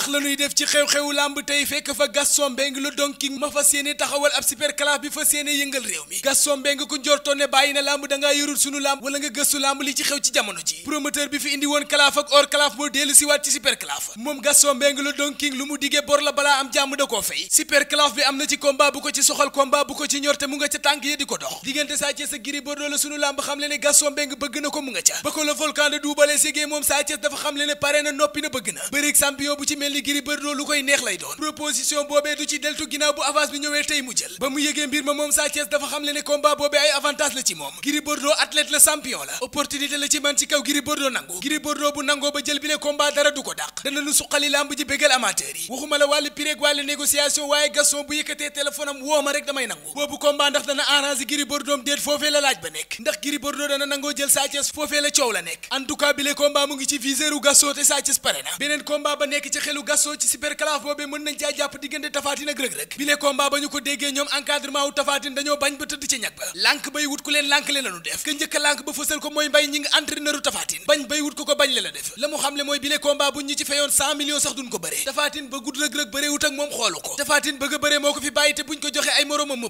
ndax la ñuy def ci xew-xewu làmb tey fekk fa Gaston Mbengue le Don King ma fas yéene taxawal ab super class bi fas yéene yëngal réew mi Gaston Mbengue ku njortoon ne bàyyi na làmb dangaa yorul sunu làmb wala nga gëstu làmb li ci xew ci jamono ci promoteur bi fi indi woon class ak hors class moo dellu siwaat ci super class moom Gaston Mbengue le Don lu mu diggee bor la balaa am jàmm da koo fay super class bi am na ci combat bu ko ci soxal combat bu ko ci ñor te mu nga ca ko dox diggante Sa Thiès ak xam ne Gaston Mbengue bëgg na ko mu nga ca ba ko le volcan de Doubalé ségee moom Sa na noppi bu ci mel mel Bordeaux lu koy neex lay doon proposition boobee du ci deltu ginnaaw bu avance bi ñëwee tey mu jël ba mu yëgee mbir ma moom Sa dafa xam le ne boobee ay avantage la ci moom Gris Bordeaux athlète la champion la opportunité la ci man ci kaw Gris Bordeaux nangu bu nangoo ba jël bi le dara du ko dàq dana nu suqali lamb ji bégal amateur yi waxuma la wàllu pireeg wàllu négociation waaye Gaston bu yëkkatee téléphone am rek damay nangu ñaareelu gaston ci superclave boobee mën nañ caa jàpp diggante tafaatin ak rëg-rëg bile combat ba ñu ko déggee ñoom encadrement tafaatin dañoo bañ ba tëdd ci ñag ba lànk bay wut ku leen lànk lànk ba fësal ko mooy mbay ñi ngi tafaatin bañ bay wut ko ko bañ la def la mu xamle mooy bile combat bu ñu ci feyoon 100 millions sax duñ ko bëree tafaatin ba rëg-rëg bëree wut ak moom xoolu ko tafaatin bëgg bëree moo ko fi bàyyi te buñ ko joxe ay moroomam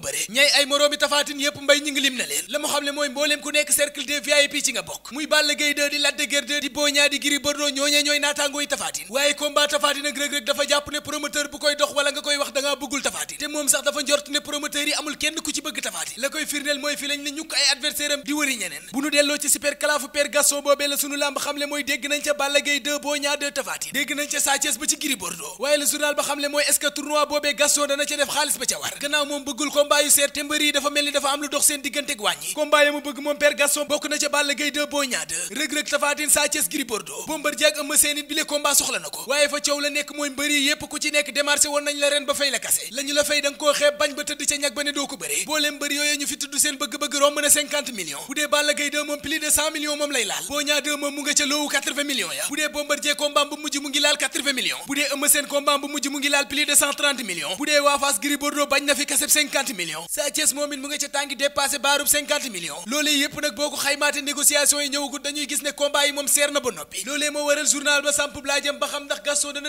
tafaatin ak rëg-rëg dafa jàpp ne promoteur bu koy dox wala nga koy wax da bëggul tafaatin te moom sax dafa njort ne promoteur yi amul kenn ku ci bëgg tafaatin la koy firndeel mooy fi lañ ne ñukk ay adversaire am di wëri ñeneen bu nu delloo ci super kalaafu père Gaston boobee la sunu làmb xamle mooy dégg nañ ca Balla Gaye 2 Boy Niang 2 tafaatin dégg nañ ca Sa Thiès ba ci Gris waaye le journal ba xamle mooy est-ce boobee Gaston dana ca def xaalis ba ca war gannaaw na ko waaye fa la nekk mooy mbëri yépp ku ci nekk démarché woon nañ la ren ba fay la kase la la fay da koo xeeb bañ ba tëdd ca ñag ba ne doo ko bëree boolee mbëri yooyu ñu fi tudd seen bëgg-bëgg romb na 50 bu dee Balla Gaye 2 moom plus de 100 moom lay laal Boy Niang 2 moom mu nga ca loowu 80 ya bu dee Bombardier combat bu mujj mu ngi laal 80 bu dee Eumeu Sène combat bu mujj mu ngi laal plus bu dee Waa Fass Bordeaux bañ na fi kaseb 50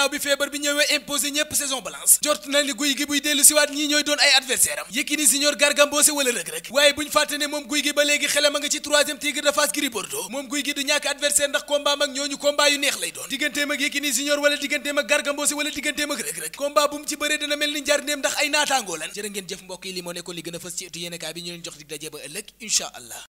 gannaaw bi feebar bi ñëwee imposé ñëpp saison blanche jort na li guy gi buy dellu siwaat ñii ñooy doon ay adversaire am Yékini Senior Garga wala Reug Reug waaye buñ fàtte ne moom guy gi ba léegi xelam a nga ci troisième tigre de Fass moom guy gi du ñàkk adversaire ndax combat mag ñooñu combat yu neex lay doon digganteem ak Yékini Senior wala digganteem ak Garga wala digganteem ak Reug Reug combat bu ci bëree dina mel ni njarneem ndax a